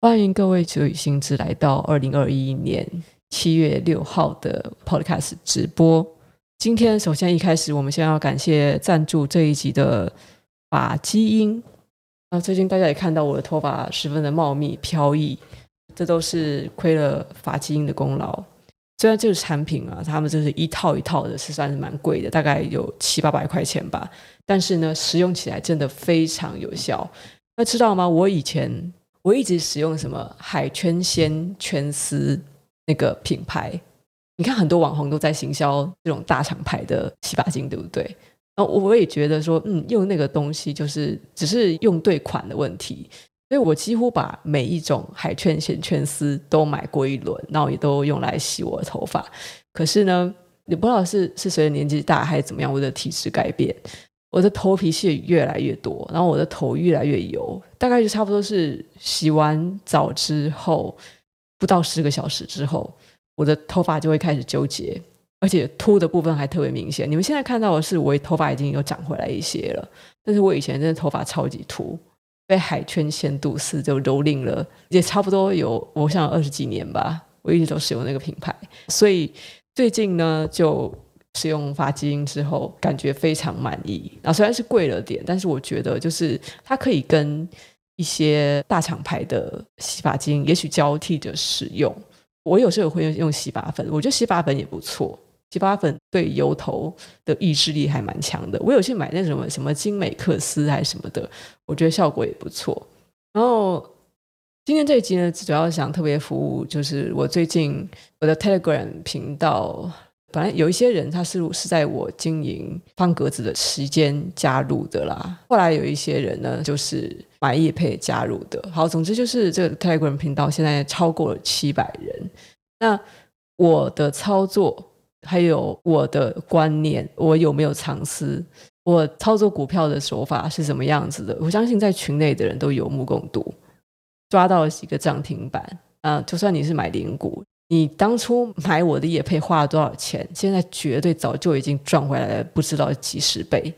歡迎各位舊雨新知來到二零二一年七月六號的 Podcast 直播。今天首先一開始，我們先要感謝贊助這一集的髮基因。那最近大家也看到我的頭髮十分的茂密飄逸，這都是虧了髮基因的功勞。雖然這個產品啊，他們就是一套一套的，是算是蠻貴的，大概有七八百塊錢吧。但是呢，使用起來真的非常有效。那知道嗎？我以前我一直使用什麼海倫仙度絲那個品牌，你看很多網紅都在行銷這種大廠牌的洗髮精，對不對？那我也覺得說，嗯，用那個東西就是只是用對款的問題，所以我幾乎把每一種海倫仙度絲都買過一輪，然後也都用來洗我的頭髮。可是呢，也不知道是是隨著年紀大還是怎麼樣，我的體質改變。我的頭皮屑越來越多，然後我的頭越來越油，大概就差不多是洗完澡之後，不到十個小時之後，我的頭髮就會開始糾結，而且禿的部分還特別明顯。你們現在看到的是，我頭髮已經有長回來一些了，但是我以前真的頭髮超級禿，被海倫仙度絲就蹂躪了，也差不多有我想有二十幾年吧，我一直都使用那個品牌，所以最近呢就，使用髮基因之後，感覺非常滿意。啊，雖然是貴了點，但是我覺得就是它可以跟一些大廠牌的洗髮精也許交替着使用。我有時候會用用洗髮粉，我覺得洗髮粉也不錯。洗髮粉對油頭的抑制力還蠻強的。我有去買那什麼什麼金美克斯還是什麼的，我覺得效果也不錯。然後今天這一集呢，主要想特別服務就是我最近我的 Telegram 頻道。本來有一些人他是是在我經營方格子的時間加入的啦，後來有一些人呢就是買業配加入的。好，總之就是這個 Telegram 頻道現在超過了七百人。那我的操作還有我的觀念，我有沒有藏私？我操作股票的手法是怎麼樣子的？我相信在群內的人都有目共睹，抓到了幾個漲停板啊、呃！就算你是買零股。你當初買我的業配花了多少錢？現在絕對早就已經賺回來了，不知道幾十倍。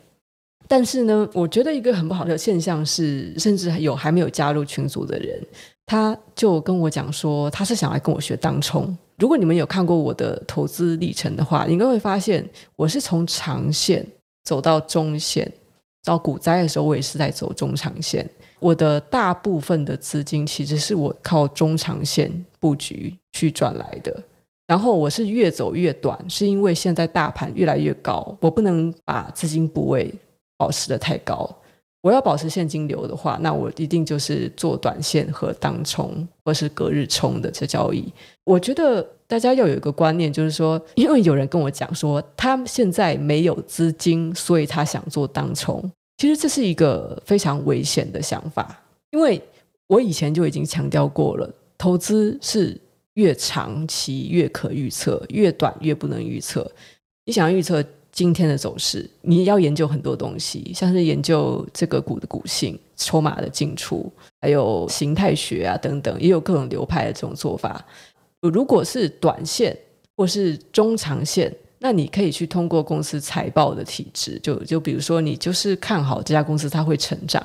但是呢，我覺得一個很不好的現象是，甚至還有還沒有加入群組的人，他就跟我講說，他是想來跟我學當沖。如果你們有看過我的投資歷程的話，應該會發現我是從長線走到中線，到股災的時候，我也是在走中長線。我的大部分的資金其實是我靠中長線。布局去賺來的，然後我是越走越短，是因為現在大盤越來越高，我不能把資金部位保持得太高。我要保持現金流的話，那我一定就是做短線和當沖，或是隔日沖的這交易。我覺得大家要有一個觀念，就是說，因為有人跟我講說，他現在沒有資金，所以他想做當沖。其實這是一個非常危險的想法，因為我以前就已經強調過了。投資是越長期越可預測，越短越不能預測。你想要預測今天的走勢，你要研究很多東西，像是研究這個股的股性、籌碼的進出，還有形態學啊等等，也有各種流派的這種做法。如果是短線或是中長線，那你可以去通過公司財報的體制，就就比如說你就是看好這家公司，它會成長，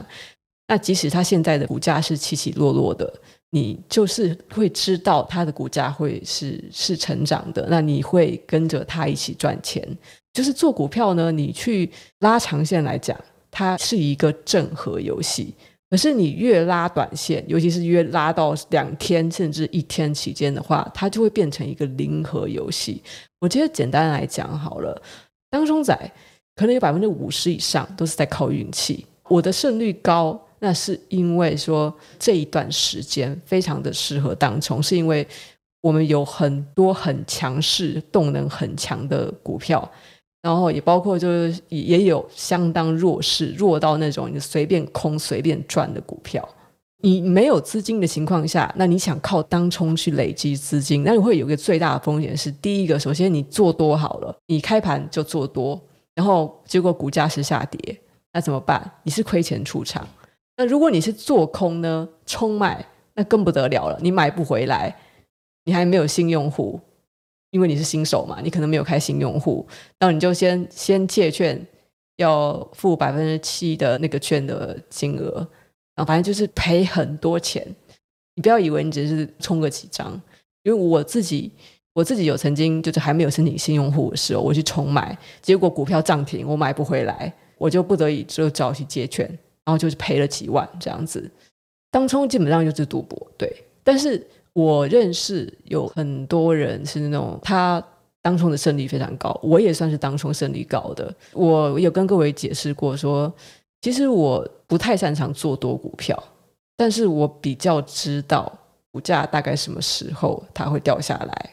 那即使它現在的股價是起起落落的。你就是會知道它的股價會是是成長的，那你會跟着它一起賺錢。就是做股票呢，你去拉長線來講，它是一個正和遊戲；可是你越拉短線，尤其是越拉到兩天甚至一天期間的話，它就會變成一個零和遊戲。我覺得簡單來講好了，當沖仔可能有百分之五十以上都是在靠運氣，我的勝率高。那是因為說這一段時間非常的適合當沖，是因為我們有很多很強勢、動能很強的股票，然後也包括就是也有相當弱勢、弱到那種你隨便空隨便賺的股票。你沒有資金的情況下，那你想靠當沖去累積資金，那你會有一個最大的風險是：第一個，首先你做多好了，你開盤就做多，然後結果股價是下跌，那怎麼辦？你是虧錢出場。那如果你是做空呢，沖賣，那更不得了了，你買不回來，你還沒有信用戶，因為你是新手嘛，你可能沒有開信用戶，那你就先先借券，要付百分之七的那個券的金額，然後，反正就是賠很多錢。你不要以為你只是充個幾張，因為我自己我自己有曾經就是還沒有申請信用戶的時候，我去沖買，結果股票漲停，我買不回來，我就不得已就找去借券。然後就是賠了幾萬這樣子，當沖基本上就是賭博，對。但是我認識有很多人是那種他當沖的勝率非常高，我也算是當沖勝率高的。我有跟各位解釋過說，說其實我不太擅長做多股票，但是我比較知道股價大概什麼時候它會掉下來，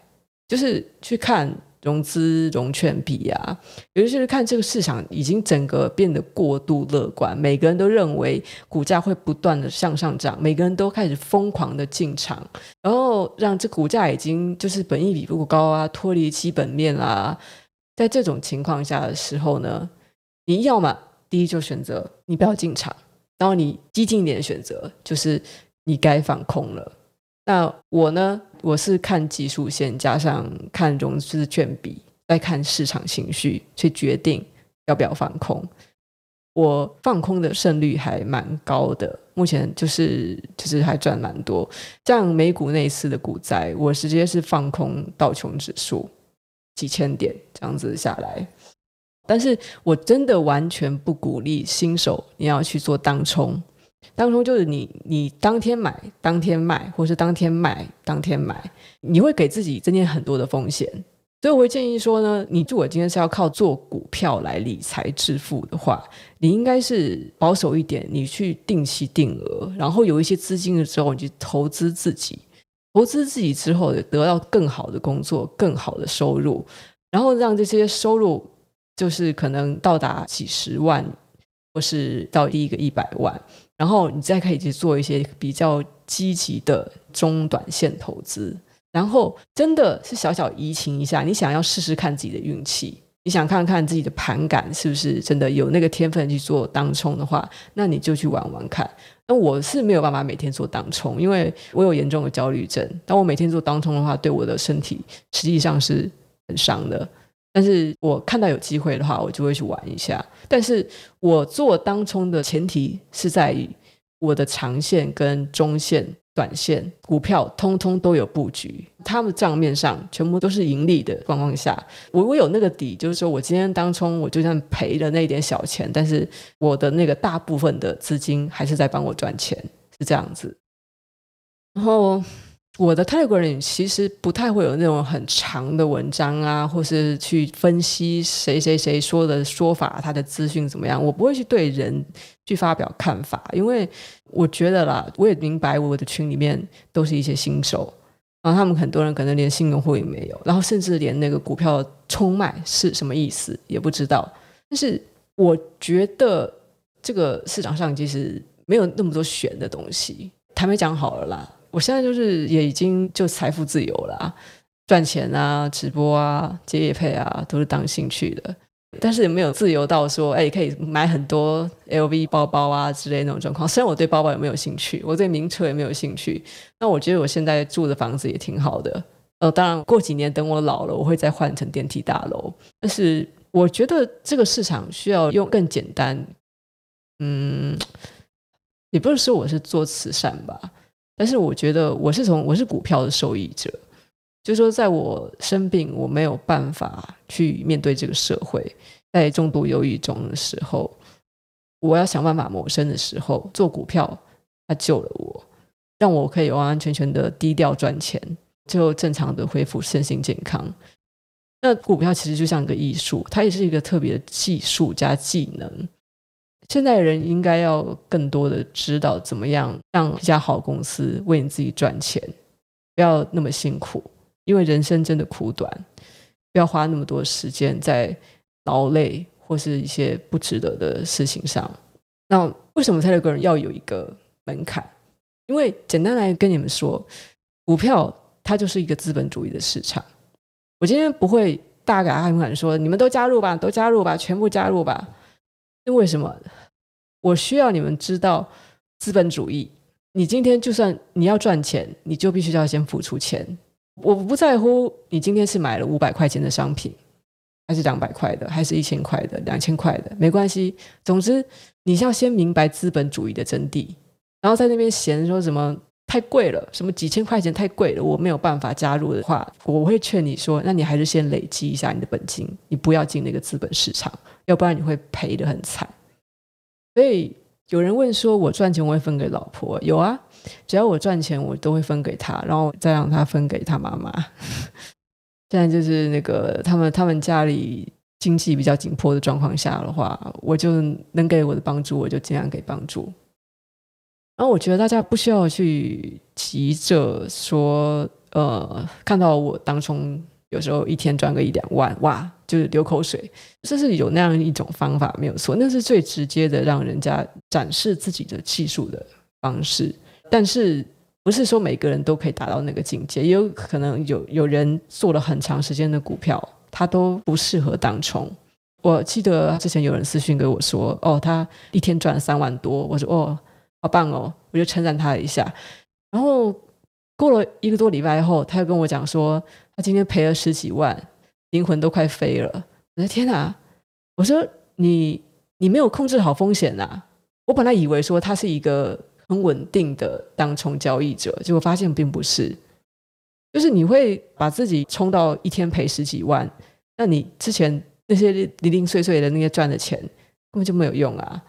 就是去看。融資融券比啊，尤其是看這個市場已經整個變得過度樂觀，每個人都認為股價會不斷的向上漲，每個人都開始瘋狂的進場，然後讓這股價已經就是本益比過高啊，脫離基本面啊。在這種情況下的時候呢，你要麼第一就選擇你不要進場，然後你激進一點的選擇就是你該放空了。那我呢？我是看技術線，加上看融資券比，再看市場情緒，去決定要不要放空。我放空的勝率還蠻高的，目前就是其、就是還賺蠻多。像美股那一次的股災，我直接是放空道瓊指數幾千點這樣子下來。但是我真的完全不鼓勵新手你要去做當沖。當中就是你，你當天買當天賣，或是當天賣當天買，你會給自己增加很多的風險。所以我會建議說呢，你如果今天是要靠做股票來理財致富的話，你應該是保守一點，你去定期定額，然後有一些資金的時候，你去投資自己，投資自己之後得到更好的工作，更好的收入，然後讓這些收入就是可能到達幾十萬。或是到第一個一百萬，然後你再可以去做一些比較積極的中短線投資。然後真的是小小怡情一下，你想要試試看自己的運氣，你想看看自己的盤感是不是真的有那個天分去做當沖的話，那你就去玩玩看。那我是沒有辦法每天做當沖，因為我有嚴重的焦慮症。但我每天做當沖的話，對我的身體實際上是很傷的。但是我看到有機會的話，我就會去玩一下。但是我做當沖的前提是在於我的長線、跟中線、短線股票通通都有布局，他們賬面上全部都是盈利的狀況下，我我有那個底，就是說我今天當沖，我就算賠了那點小錢，但是我的那個大部分的資金還是在幫我賺錢，是這樣子。然後。我的 Telegram 其實不太會有那種很長的文章啊，或是去分析誰誰誰說的說法，他的資訊怎麼樣。我不會去對人去發表看法，因為我覺得啦，我也明白我的群裡面都是一些新手，然後他們很多人可能連信用戶也沒有，然後甚至連那個股票沖賣是什麼意思也不知道。但是我覺得這個市場上其實沒有那麼多玄的東西，坦白講好了啦。我現在就是也已經就財富自由了啊，賺錢啊、直播啊、接業配啊，都是當興趣的。但是也沒有自由到說，哎，可以買很多 LV 包包啊之類的那種狀況。雖然我對包包也沒有興趣，我對名車也沒有興趣。那我覺得我現在住的房子也挺好的。呃，當然過幾年等我老了，我會再換成電梯大樓。但是我覺得這個市場需要用更簡單，嗯，也不是說我是做慈善吧。但是我覺得我是從我是股票的受益者，就是說，在我生病我沒有辦法去面對這個社會，在重度憂鬱中的時候，我要想辦法謀生的時候，做股票，它救了我，讓我可以完完全全的低調賺錢，就正常的恢復身心健康。那股票其實就像一個藝術，它也是一個特別的技術加技能。現在人應該要更多的知道怎麼樣讓一家好公司為你自己賺錢，不要那麼辛苦，因為人生真的苦短，不要花那麼多時間在勞累或是一些不值得的事情上。那為什麼泰勒個人要有一個門檻？因為簡單來跟你們說，股票它就是一個資本主義的市場。我今天不會大給大、啊、勇敢說，你們都加入吧，都加入吧，全部加入吧。為什麼？我需要你們知道，資本主義，你今天就算你要賺錢，你就必須要先付出錢。我不在乎你今天是買了五百塊錢的商品，還是兩百塊的，還是一千塊的，兩千塊的，沒關係。總之，你要先明白資本主義的真諦，然後在那邊閒說什麼，太貴了，什麼幾千塊錢太貴了，我沒有辦法加入的話，我會勸你說，那你還是先累積一下你的本金，你不要進那個資本市場，要不然你會賠得很慘。所以有人問說，我賺錢我會分給老婆，有啊，只要我賺錢，我都會分給他，然後再讓他分給他媽媽。 現在就是那個他們他們家裡經濟比較緊迫的狀況下的話，我就能給我的幫助，我就盡量給幫助。然後、啊、我覺得大家不需要去急着說，呃，看到我當沖有時候一天賺個一兩萬，哇，就是流口水。這是有那樣一種方法沒有錯，那是最直接的讓人家展示自己的技術的方式。但是不是說每個人都可以達到那個境界？也有可能有有人做了很長時間的股票，他都不適合當沖。我記得之前有人私信給我說，哦，他一天賺了三萬多，我說，哦。好棒哦！我就稱讚他一下。然後過了一個多禮拜後，他又跟我講說，他今天賠了十幾萬，靈魂都快飛了。我說：“天吶！”我說：“你你沒有控制好風險吶！”我本來以為說他是一個很穩定的當沖交易者，結果發現並不是。就是你會把自己沖到一天賠十幾萬，那你之前那些零零碎碎的那些賺的錢根本就沒有用啊。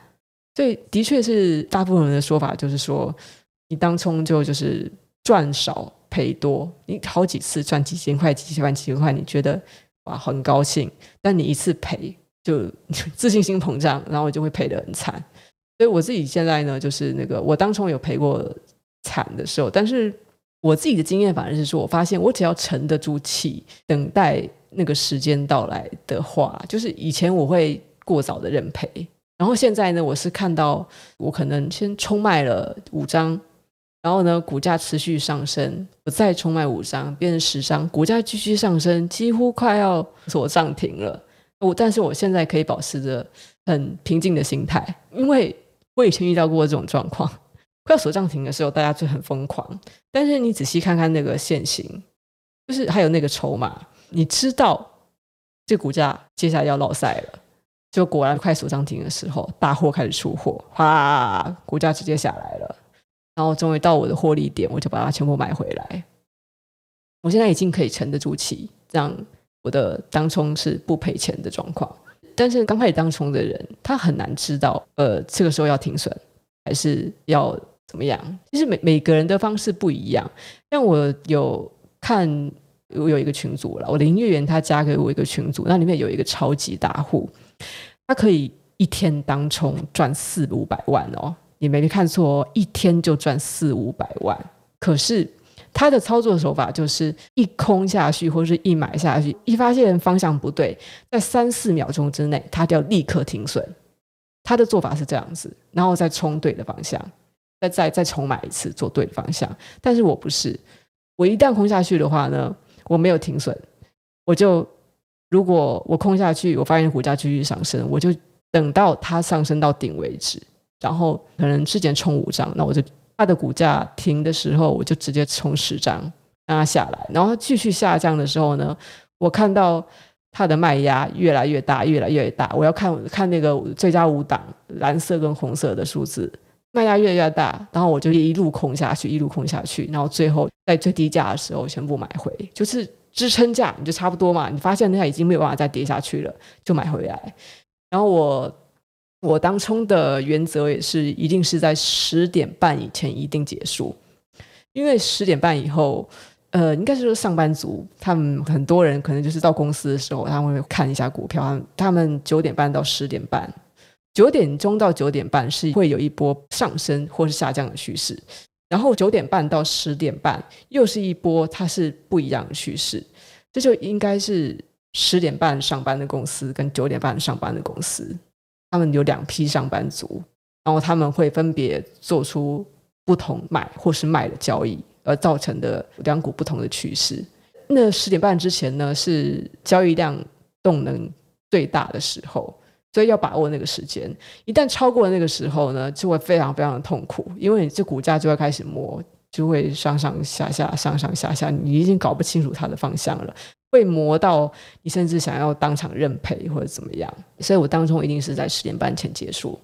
所以，對，的確是大部分人的說法就是說，你當沖就就是賺少賠多。你好幾次賺幾千塊、幾千萬、幾千塊，你覺得哇，很高興。但你一次賠，就自信心膨脹，然後就會賠得很慘。所以我自己現在呢，就是那個我當沖有賠過慘的時候，但是我自己的經驗反而是說，我發現我只要沉得住氣，等待那個時間到來的話，就是以前我會過早的認賠。然後現在呢，我是看到我可能先沖賣了五張，然後呢，股價持續上升，我再沖賣五張，變成十張，股價繼續上升，幾乎快要鎖漲停了。我但是我現在可以保持着很平靜的心態，因為我以前遇到過這種狀況，快要鎖漲停的時候，大家就很瘋狂。但是你仔細看看那個線形，就是還有那個籌碼，你知道這股價接下來要落賽了。就果然快速漲停的時候，大戶開始出貨，嘩，股價直接下來了。然後終於到我的獲利點，我就把它全部買回來。我現在已經可以沉得住氣，讓我的當沖是不賠錢的狀況。但是剛開始當沖的人，他很難知道，呃，這個時候要停損，還是要怎麼樣？其實每每個人的方式不一樣。但我有看，我有一個群組了，我的營業員他加給我一個群組，那裡面有一個超級大戶。他可以一天當沖賺四五百萬哦，你沒看錯哦，一天就賺四五百萬。可是他的操作手法就是一空下去，或者是一買下去，一發現方向不對，在三四秒鐘之內，他就要立刻停損。他的做法是這樣子，然後再沖對的方向，再再再重買一次，做對的方向。但是我不是，我一旦空下去的話呢，我沒有停損，我就。如果我空下去，我發現股價繼續上升，我就等到它上升到頂為止。然後可能之前衝五張，那我就它的股價停的時候，我就直接衝十張讓它下來。然後它繼續下降的時候呢，我看到它的賣壓越來越大，越來越大，我要看看那個最佳五檔藍色跟紅色的數字賣壓越來越大，然後我就一路空下去，一路空下去，然後最後在最低價的時候全部買回，就是。支撐價你就差不多嘛，你發現它已經沒有辦法再跌下去了，就買回來。然後我我當沖的原則也是，一定是在十點半以前一定結束，因為十點半以後，呃，應該是說上班族他們很多人可能就是到公司的時候，他們會看一下股票，他們，他們九點半到十點半，九點鐘到九點半是會有一波上升或是下降的趨勢。然後九點半到十點半又是一波，它是不一樣的趨勢，這就應該是十點半上班的公司跟九點半上班的公司，他們有兩批上班族，然後他們會分別做出不同買或是賣的交易，而造成的兩股不同的趨勢。那十點半之前呢，是交易量動能最大的時候。所以要把握那個時間，一旦超過那個時候呢，就會非常非常的痛苦，因為你這股價就會開始磨，就會上上下下，上上下下，你已經搞不清楚它的方向了，會磨到你甚至想要當場認賠或者怎麼樣。所以我當沖一定是在十點半前結束。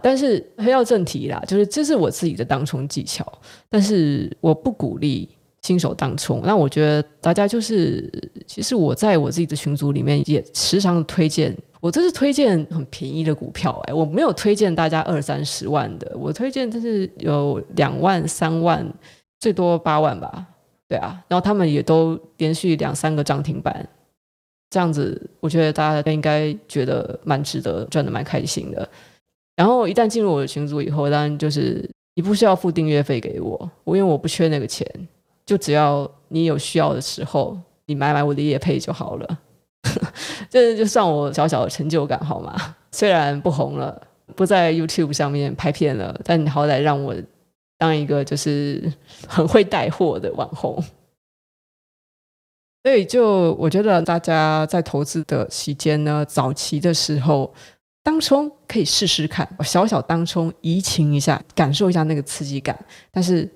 但是回到正題啦，就是這是我自己的當沖技巧，但是我不鼓勵新手當沖。那我覺得大家就是，其實我在我自己的群組裡面也時常推薦。我這是推薦很便宜的股票，哎，我沒有推薦大家二三十萬的，我推薦就是有兩萬、三萬，最多八萬吧，對啊，然後他們也都連續兩三個漲停板，這樣子，我覺得大家應該覺得蠻值得，賺的蠻開心的。然後一旦進入我的群組以後，當然就是你不需要付訂閱費給我，我因為我不缺那個錢，就只要你有需要的時候，你買買我的業配就好了。.這 就，就算我小小的成就感好嗎？雖然不紅了，不在 YouTube 上面拍片了，但你好歹讓我當一個就是很會帶貨的網紅。所以，就我覺得大家在投資的期間呢，早期的時候當沖可以試試看，我小小當沖移情一下，感受一下那個刺激感，但是。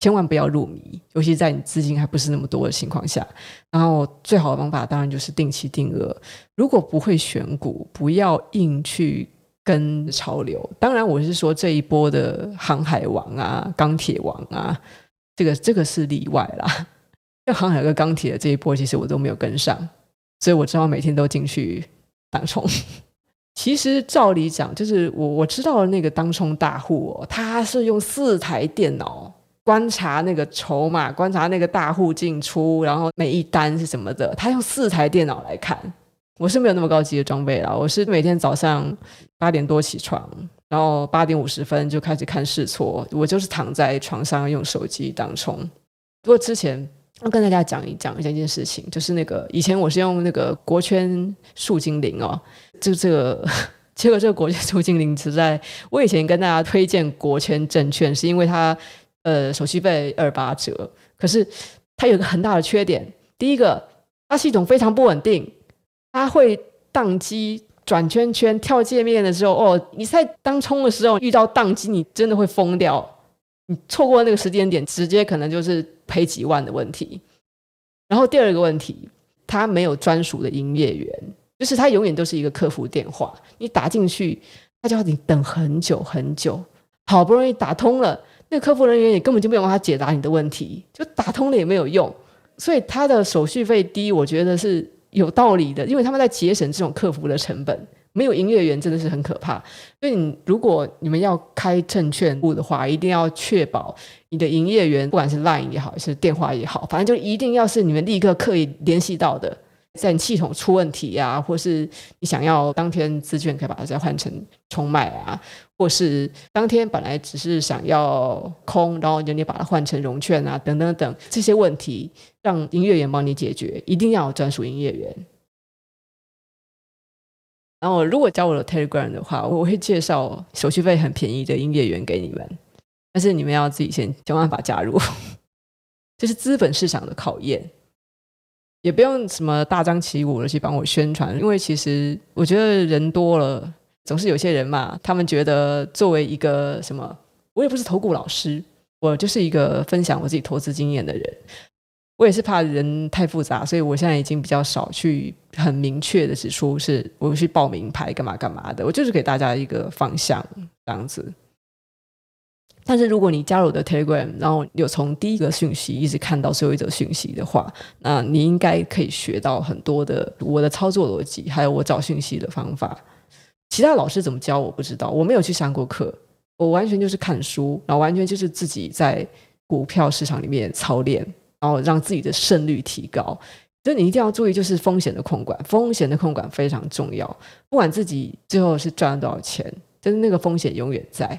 千萬不要入迷，尤其在你資金還不是那麼多的情況下。然後最好的方法當然就是定期定額。如果不會選股，不要硬去跟潮流。當然，我是說這一波的航海王啊、鋼鐵王啊，這個這個是例外啦。這航海和鋼鐵的這一波，其實我都沒有跟上，所以我只好每天都進去當沖。其實照理講，就是我我知道的那個當沖大戶哦，他是用四台電腦。觀察那個籌碼，觀察那個大戶進出，然後每一單是什麼的，他用四台電腦來看。我是沒有那麼高級的裝備啦，我是每天早上八點多起床，然後八點五十分就開始看試錯。我就是躺在床上用手機當沖。不過之前要跟大家講一講一件事情，就是那個以前我是用那個國圈樹精靈哦，就這個結果這個國圈樹精靈只在，我以前跟大家推薦國圈證券是因為它。呃，手續費二八折，可是它有個很大的缺點。第一個，它系統非常不穩定，它會當機、轉圈圈、跳界面的時候，哦，你在當沖的時候遇到當機，你真的會瘋掉。你錯過那個時間點，直接可能就是賠幾萬的問題。然後第二個問題，他沒有專屬的營業員，就是他永遠都是一個客服電話，你打進去，他叫你等很久很久，好不容易打通了。那客服人員也根本就沒有辦法解答你的問題，就打通了也沒有用，所以他的手續費低，我覺得是有道理的，因為他們在節省這種客服的成本。沒有營業員真的是很可怕，所以你如果你們要開證券戶的話，一定要確保你的營業員，不管是 LINE 也好，也是電話也好，反正就一定要是你們立刻可以聯繫到的。在你系統出問題呀、啊，或是你想要當天資券可以把它再換成沖賣啊，或是當天本來只是想要空，然後你你把它換成融券啊，等等等這些問題，讓營業員幫你解決，一定要有專屬營業員。然後如果加我的 Telegram 的話，我會介紹手續費很便宜的營業員給你們，但是你們要自己先想辦法加入，這是資本市場的考驗。也不用什麼大張旗鼓的去幫我宣傳，因為其實我覺得人多了總是有些人嘛，他們覺得作為一個什麼，我也不是投顧老師，我就是一個分享我自己投資經驗的人，我也是怕人太複雜，所以我現在已經比較少去很明確的指出是我去報明牌幹嘛幹嘛的，我就是給大家一個方向這樣子。但是如果你加入我的 Telegram，然後有從第一個訊息一直看到最後一則訊息的話，那你應該可以學到很多的我的操作邏輯，還有我找訊息的方法。其他老師怎麼教我不知道，我沒有去上過課，我完全就是看書，然後完全就是自己在股票市場裡面操練，然後讓自己的勝率提高。所以你一定要注意，就是風險的控管，風險的控管非常重要。不管自己最後是賺了多少錢，但、就是那個風險永遠在。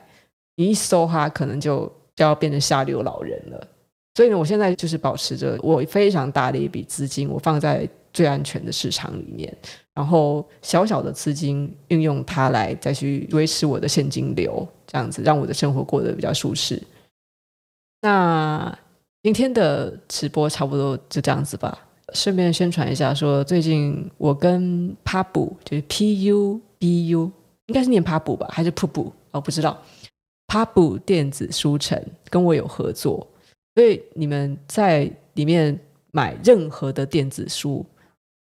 你一搜它，可能就就要變成下流老人了。所以呢，我現在就是保持着我非常大的一筆資金，我放在最安全的市場裡面，然後小小的資金運用它來再去維持我的現金流，這樣子讓我的生活過得比較舒適。那今天的直播差不多就這樣子吧。順便宣傳一下說，說最近我跟帕布就是 P U B U，應該是念帕布吧，還是瀑布？哦，我不知道。Pubu 電子書城跟我有合作，所以你們在裡面買任何的電子書，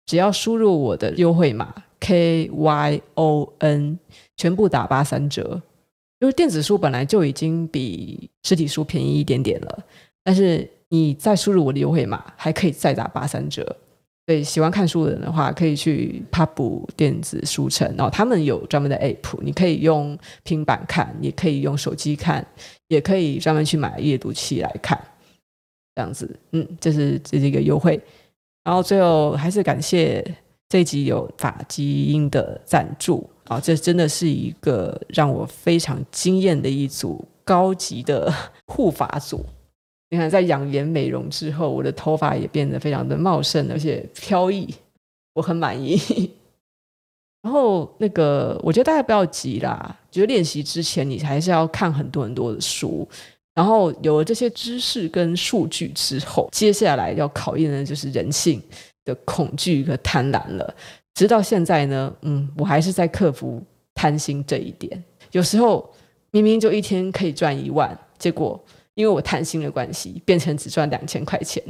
只要輸入我的優惠碼 K Y O N，全部打八三折。就是電子書本來就已經比實體書便宜一點點了，但是你再輸入我的優惠碼，還可以再打八三折。對喜歡看書的人的話，可以去 Pub 電子書城，然後他們有專門的 App，你可以用平板看，你也可以用手機看，也可以專門去買閱讀器來看。這樣子，嗯，這是這是一個優惠。然後最後還是感謝這一集有髮基因的贊助啊，這真的是一個讓我非常驚豔的一組高級的護髮組。你看，在養顏美容之後，我的頭髮也變得非常的茂盛，而且飄逸，我很滿意。然後，那個我覺得大家不要急啦，就是練習之前，你還是要看很多很多的書，然後有了這些知識跟數據之後，接下來要考驗的就是人性的恐懼和貪婪了。直到現在呢，嗯，我還是在克服貪心這一點。有時候明明就一天可以賺一萬，結果，因為我貪心的關係，變成只賺兩千塊錢，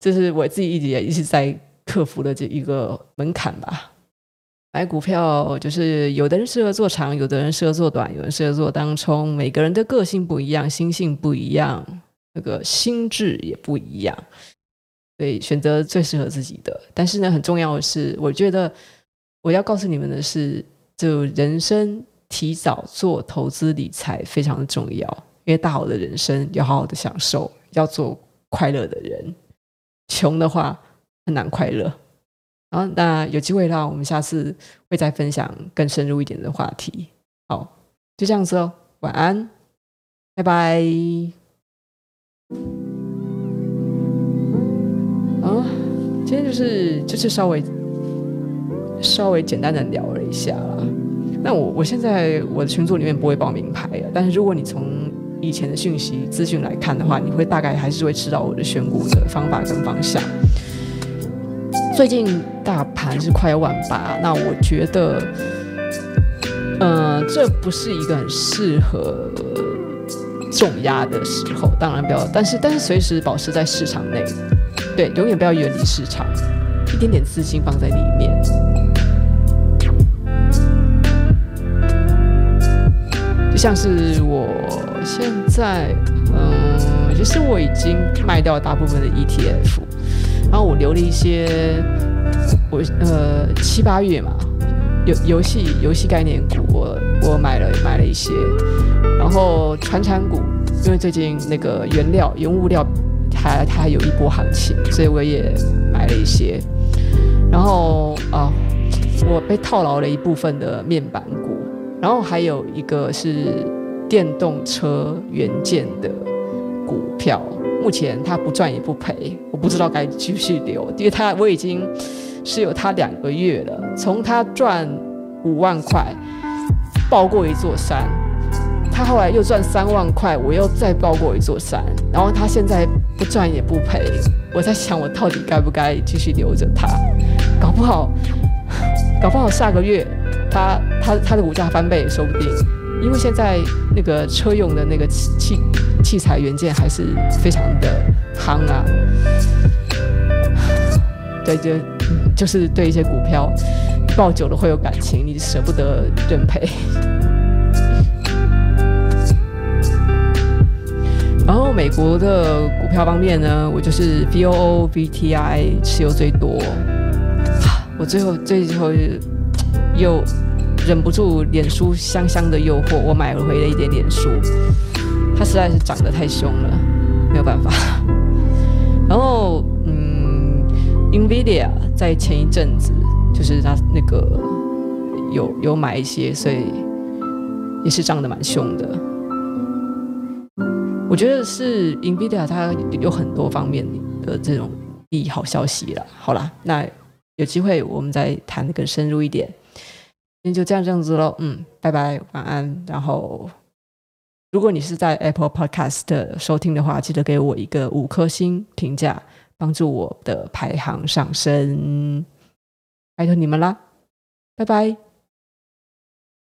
這 是我自己一直也一直在克服的這一個門檻吧。買股票就是有的人適合做長，有的人適合做短，有的人適合做當沖，每個人的個性不一樣，心性不一樣，那個心智也不一樣，所以選擇最適合自己的。但是呢，很重要的是，我覺得我要告訴你們的是，就人生提早做投資理財非常重要。因為大好的人生要好好的享受，要做快樂的人。窮的話很難快樂。好，那有機會的話，我們下次會再分享更深入一點的話題。好，就這樣子哦。晚安，拜拜。啊、嗯，今天就是就是稍微稍微簡單的聊了一下啦。那我我現在我的群組裡面不會報名牌啊，但是如果你從以前的訊息資訊來看的話，你會大概還是會知道我的選股的方法跟方向。最近大盤是快要萬八，那我覺得，呃，這不是一個很適合重壓的時候，當然不要，但是但是隨時保持在市場內，對，永遠不要遠離市場，一點點資金放在裡面。像是我現在，嗯，其實我已經賣掉大部分的 ETF，然後我留了一些，我呃七八月嘛，遊遊戲遊戲概念股我，我我買了買了一些，然後傳產股，因為最近那個原料、原物料它它還有一波行情，所以我也買了一些，然後啊，我被套牢了一部分的面板。然後還有一個是電動車元件的股票，目前他不賺也不賠，我不知道該繼續留，因為他我已經是有他兩個月了，從他賺五萬塊抱過一座山，他後來又賺三萬塊，我又再抱過一座山，然後他現在不賺也不賠，我在想我到底該不該繼續留着他？搞不好，搞不好下個月他……它它的,的股價翻倍也說不定，因為現在那個車用的那個器器材元件還是非常的夯啊。 對，就就是對一些股票抱久了會有感情，你舍不得認賠。 然後美國的股票方面呢，我就是 VOO、VTI 持有最多。 我最後最後又。忍不住臉書香香的誘惑，我買回了一點點書，它實在是漲得太兇了，沒有辦法。然後，嗯，Nvidia 在前一陣子就是它那個有有買一些，所以也是漲得蠻兇的。我覺得是 Nvidia 它有很多方面的這種利好消息了。好啦，那有機會我們再談得更深入一點。今天就這樣這樣子嘍，嗯，拜拜，晚安。然後，如果你是在 Apple Podcast 收聽的話，記得給我一個五顆星評價，幫助我的排行上升，拜託你們啦，拜拜。